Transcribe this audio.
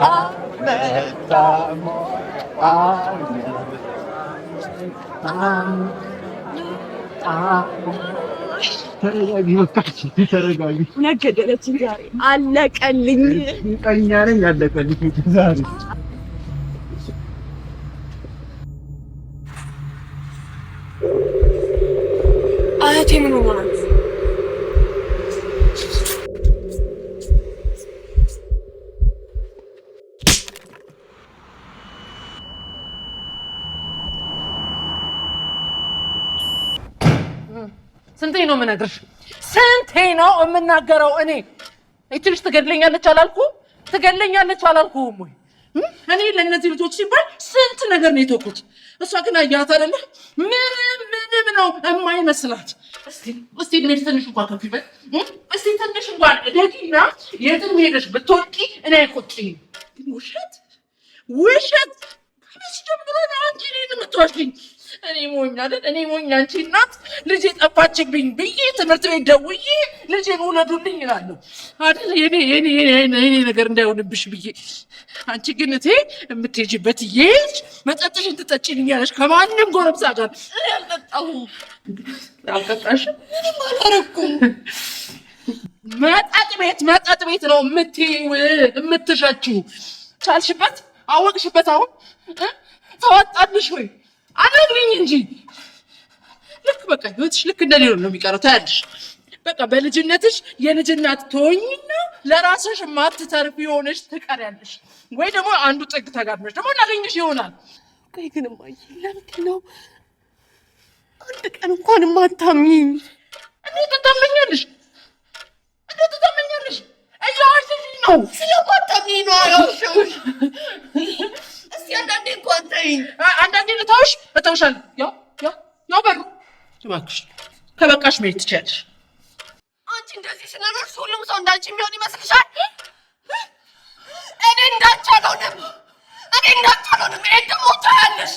Ahmet Amor Ahmet Ahmet አለቀልኝ ቀኛ ነኝ አለቀልኝ ዛሬ አያቴ ምን ሆኗል ስንቴ ነው የምነግርሽ? ስንቴ ነው የምናገረው? እኔ ይቺ ልጅ ትገድለኛለች አላልኩም? ትገድለኛለች አላልኩም ወይ? እኔ ለእነዚህ ልጆች ሲባል ስንት ነገር ነው የተውኩት። እሷ ግን አያት አይደለ? ምንም ምንም ነው የማይመስላት። እስቲ ሜድ ትንሽ እንኳን ከፍ ይበል። እስቲ ትንሽ እንኳን ደጊና የትም ሄደሽ ብትወቂ እኔ አይቆጭ። ውሸት ውሸት ከመቼ ጀምሮ ነው አንቺ እኔን የምትዋሽኝ? እኔ ሞኝ አይደል? እኔ ሞኝ አንቺ እናት ልጄ ጠፋችብኝ ብዬ ትምህርት ቤት ደውዬ ልጅን ውለዱልኝ እላለሁ አይደል? የኔ የኔ የኔ ነገር እንዳይሆንብሽ ብዬ። አንቺ ግን እቴ የምትሄጂበት እየሄድሽ መጠጥሽን ትጠጪልኛለሽ ከማንም ጎረምሳ ጋር። እኔ አልጠጣሁም። አልጠጣሽም? ምንም አላረኩም። መጠጥ ቤት መጠጥ ቤት ነው የምትይው የምትሸጪው። ቻልሽበት፣ አወቅሽበት። አሁን ተዋጣልሽ ወይ አናግሪኝ እንጂ ልክ በቃ ህይወትሽ ልክ እንደሌለው ነው የሚቀረው። ታያለሽ በቃ በልጅነትሽ የልጅ እናት ትሆኝና ለራስሽ ማትተርፍ የሆነች ትቀሪያለሽ፣ ወይ ደግሞ አንዱ ጥግ ተጋድመሽ ደግሞ ይሆናል። ቆይ ግን እማዬ ለምንድን ነው አንድ ቀን እንኳን ማታምኝ? እንዴት ትታመኛለሽ? እንዴት ትታመኛለሽ? ነው። ስለማታምኝ ነው። እስኪ አንዳንዴ እንኳን ተይኝ። አንዳንዴ ልታውሽ እተውሻለሁ። ያው ያው ያው በሩ እባክሽ ከበቃሽ መሄድ ትችያለሽ። አንቺ እንደዚህ ስለኖርሽ ሁሉም ሰው እንዳንቺ የሚሆን ይመስልሻል? እኔ እንዳንቺ አልሆንም። እኔ እንዳንቺ አልሆንም። ይሄን ደግሞ ታያለሽ